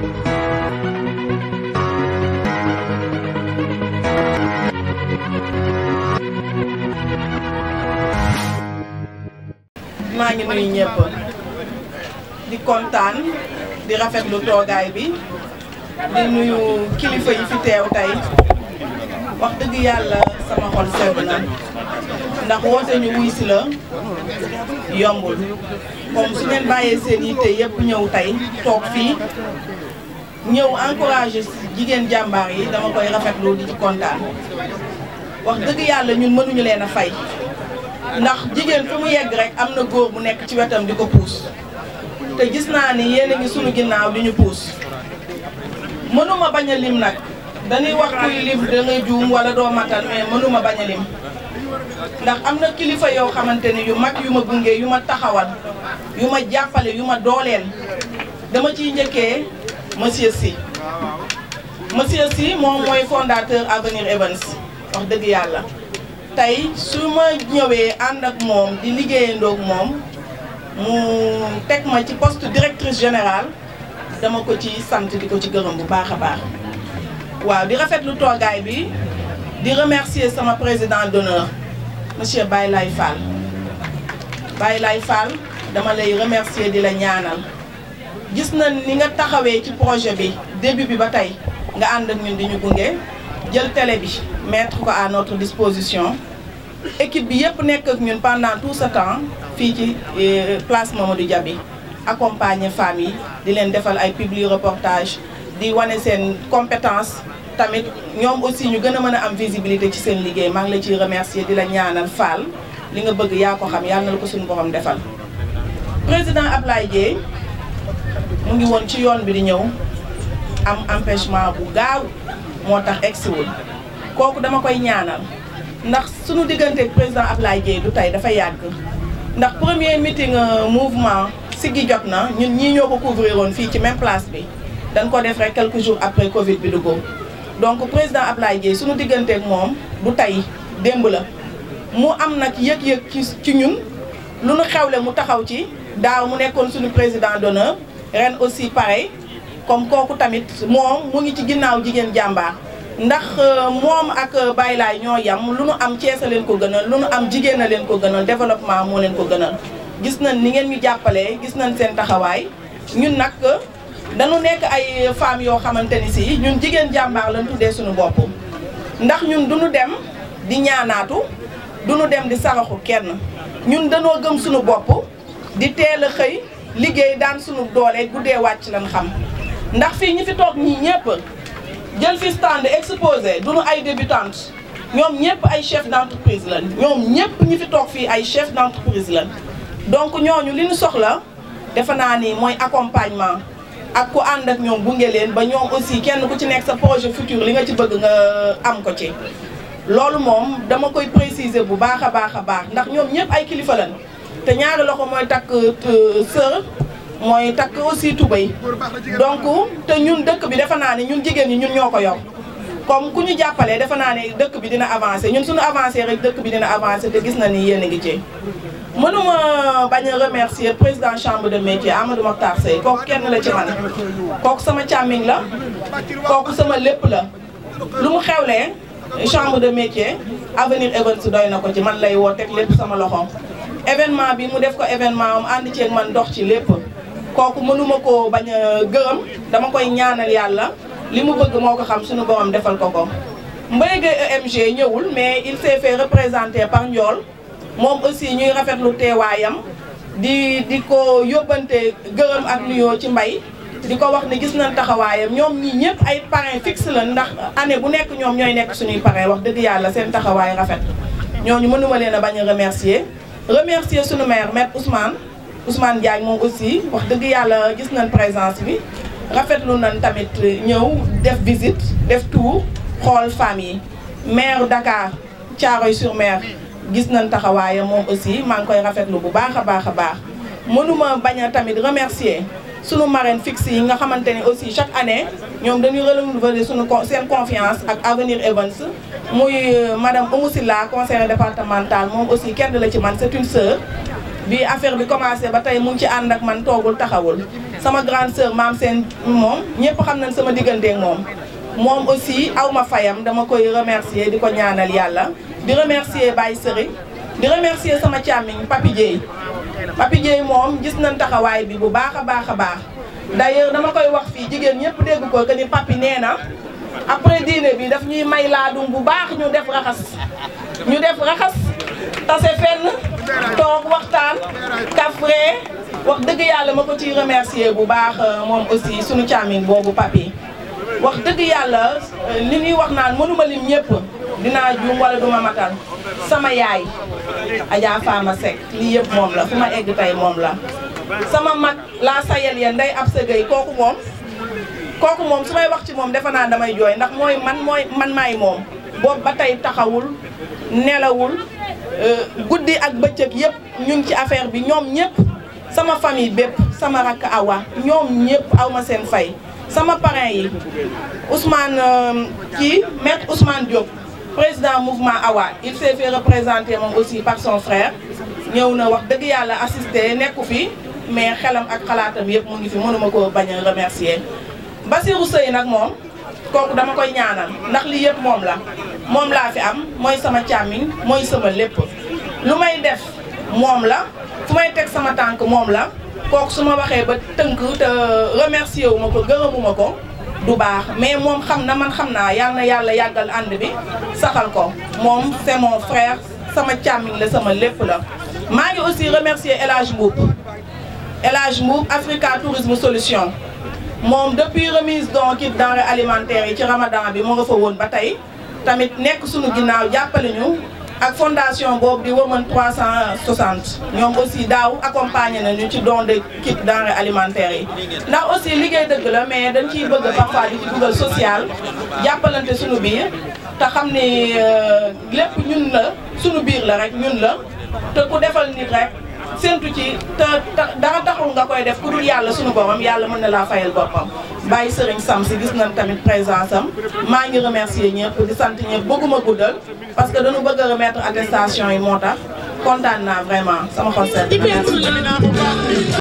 maa ngi nuyu ñëpp di kontaan di rafetlu toogaay bi di nuyu kilifa yi fi teew tey wax dëgg yàlla sama xol sedd ndax woote ñu wuy si la yombul comme su ngeen bàyyee seen yitte yëpp ñëw tey toog fii ñëw encouragé jigéen jàmbaar yi dama koy rafetlu di ci kontaan wax dëgg yàlla ñun mënuñu leen a fay ndax jigéen fu mu yegg rek am na góor bu nekk ci wetam di ko puus te gis naa ni yéen a ngi sunu ginnaaw di ñu puus mënuma bañ a lim nag dañuy wax kuy lim da ngay juum wala doo matal mais mënuma bañ a lim ndax am na kilifa yoo xamante ne yu mag yu ma gunge yu ma taxawal yu ma jàppale yu ma dooleel dama ciy njëkkee monsieur si monsieur Sy moom mooy fondateur Avenir Events wax dëgg yàlla tey su ma ñëwee ànd ak moom di liggéeyandoog moom mu teg ma ci poste directrice général dama ko ci sant di ko ci gërëm bu baax a baax waaw di rafetlu toogaay bi di remercier sama président d'honneur monsieur Baye Lay Fall Baye Lay Fall dama lay remercier di la ñaanal gis na ni nga taxawee ci projet bi début bi ba tey nga ànd ak ñun di ñu gunge jël tele bi mettre ko à notre disposition équipe bi yëpp nekk ak ñun pendant tout ce temps fii ci euh, place Mamadou Dia jabi accompagner femmes yi di leen defal ay publie reportage di wane seen compétence tamit ñoom aussi ñu gën a mën a am visibilité ci seen liggéey maa ngi la ci remercier di la ñaanal Fall li nga bëgg yaa ko xam yàlla na ko suñu borom defal. président Ablaye Dièye mu ngi woon ci yoon bi di ñëw am empêchement bu gaaw moo tax egsiwul kooku dama koy ñaanal ndax suñu diggante président Ablaye Dièye du tey dafa yàgg ndax premier meeting si euh, Siggi jot na ñun ñii ñoo ko couvrir woon fii ci même place bi dañ ko def rek quelques jours après Covid bi dugg. donc président Ablaye Dièye suñu digganteek moom du tey démb la mu am nag yëg-yëg ci ci ñun lu nu xewle mu taxaw ci daaw mu nekkoon suñu président d'honneur ren aussi pareil comme kooku tamit moom mu ngi ci ginnaaw jigéen jàmbaar ndax euh, moom ak euh, Baye Laye ñoo yam lu nu am Cees leen ko gënal lu nu am jigéen a leen ko gënal développement moo leen ko gënal gis na ni ngeen ñu jàppale gis nañ seen taxawaay ñun nag dañu nekk ay femmes yoo xamante ni si ñun jigéen jàmbaar lañ tuddee suñu bopp ndax ñun duñu dem di ñaanaatu du ñu dem di saraxu kenn ñun danoo gëm suñu bopp di teel a xëy liggéey daan suñu doole guddee wàcc lañ xam ndax fii ñu fi toog ñii ñëpp jël fi stand exposé duñu ay débutante ñoom ñëpp ay chef d'entreprise lañ ñoom ñëpp ñu fi toog fii ay chef d'entreprise lañ donc ñooñu li ñu soxla defe naa ni mooy accompagnement ak ku ànd ak ñoom gunge leen ba ñoom aussi kenn ku ci nekk sa projet futur li nga ci bëgg nga am ko ci. loolu moom dama koy préciser bu baax a baax a baax ndax ñoom ñëpp ay kilifa lañ te ñaari loxo mooy takk euh, sër mooy takk aussi tubéy donc te ñun dëkk bi defe naa ne ñun jigéen ñi ñun ñoo ko yow comme ku ñu jàppalee defe naa ne dëkk bi dina avancé ñun suñu avancé rek dëkk bi dina avancé te gis na ni yéen a ngi ci. mënuma bañ a remercier président chambre de métier Amadou Mokhtar Seye kooku kenn la ci man kooku sama càmmiñ la kooku sama lépp la lu mu xewlee chambre de métier avenir events doy na ko ci man lay woo teg lépp sama loxoom événement bi mu def ko événement am ànd ceeg man dox ci lépp kooku mënuma koo bañ a gërëm dama koy ñaanal yàlla li mu bëgg moo ko xam suñu borom defal ko ko Mbaye Gueye EMG ñëwul mais il s'est fait représenter par Ndiol moom aussi ñuy lu teewaayam di di ko yóbbante gërëm ak nuyoo ci mbay di ko wax ni gis nañ taxawaayam ñoom ñii ñëpp ay parrain fixe la ndax année bu nekk ñoom ñooy nekk suñuy parrain wax dëgg yàlla seen taxawaay rafet ñoo ñooñu mënuma leen a bañ a remercier remercier suñu maire maître Ousmane Ousmane Diagne moom aussi wax dëgg yàlla gis nañ présence bi rafetlu nan tamit ñëw def visite def tour xool femmes yi maire Dakar Thiaroye-sur-Mer gis nañ taxawaayam moom aussi maa ngi koy rafetlu bu baax a baax a baax mënuma bañ a tamit remercier sunu marraine fixe yi nga xamante ne aussi chaque année ñoom dañuy renouveler sunu seen confiance ak Avenir Events muy euh, madame Oumou Silla conseillère départementale moom aussi kenn la ci man c'est une sœur bii affaire bi commencé ba tey mu ci ànd ak man toogul taxawul sama grande sœur maam seen moom ñëpp xam na sama digganteek moom moom aussi aw ma fayam dama koy remercier di ko ñaanal yàlla di remercier Baye Serigne di remercier sama càmmiñ Papi Dieye Papi Dieye moom gis nañ taxawaay bi bu baax a baax a baax d'ailleurs dama koy wax fii jigéen ñëpp dégg ko que ni papi nee na après dîner bi daf ñuy may laa laadum bu baax ñu def raxas ñu def raxas tase fenn toog waxtaan kafree wax dëgg yàlla ma ko ciy remercier bu baax euh, moom aussi sunu càmmiñ boobu papi wax dëgg yàlla euh, li ñuy wax naan mënuma lim ñëpp dinaa juum wala duma matal sama yaay Adja Fama Seck lii yëpp moom la fu ma egg tey moom la sama mag laa sayel ya nday ab sëgëy kooku moom kooku moom su may wax ci moom defe naa damay jooy ndax mooy man mooy man maay moom boobu ba tey taxawul nelawul Euh, guddi ak bëccëg yëpp ñu ngi ci affaire bi ñoom ñëpp sama famille bépp sama rakk awa ñoom ñëpp aw ma seen fay sama parrain yi Ousmane euh, kii maître Ousmane Diop président mouvement awa il s'est fait représenter moom aussi par son frère ñëw na wax dëgg yàlla assisté nekku fi mais xelam ak xalaatam yëpp mu ngi fi mënuma ko bañ a remercier Basirou Seye nag moom kooku dama koy ñaanal ndax lii yëpp moom la moom laa fi am mooy sama càmmiñ mooy sama lépp lu may def moom la fu may teg sama tànk moom la kook su ma waxee ba tënk te remercier wu ko gërëmuma ko du baax mais moom xam na man xam naa yàlla na yàlla yàggal ànd bi saxal ko moom c'est mon frère sama càmmiñ la sama lépp la maa ngi aussi remercier El Hadj Mboup El Hadj Mboup Africa Tourisme Solution moom depuis remise dons kit denrées alimentaires yi ci ramadan bi mu nga fa woon ba tey tamit nekk suñu ginnaaw jàppale ñu ak fondation boobu di Women 360 ñoom aussi daaw accompagner nañu ci don de kit denrées alimentaires yi ndax aussi liggéey dëgg la mais dañ ciy bëgg parfois di ci dugal social jàppalante suñu biir te xam ni euh, lépp ñun la suñu biir la rek ñun la te ku defal nit rek séntu ci te dara taxul nga koy def ku dul yàlla suñu borom yàlla mën na laa fayal boppam bàyyi sëriñ Sam si gis nañ tamit présence am maa ngi remercier ñëpp di sant ñëpp bëgguma guddal parce que dañu bëgg a remettre attestation yi moo tax kontaan naa vraiment sama xol sedd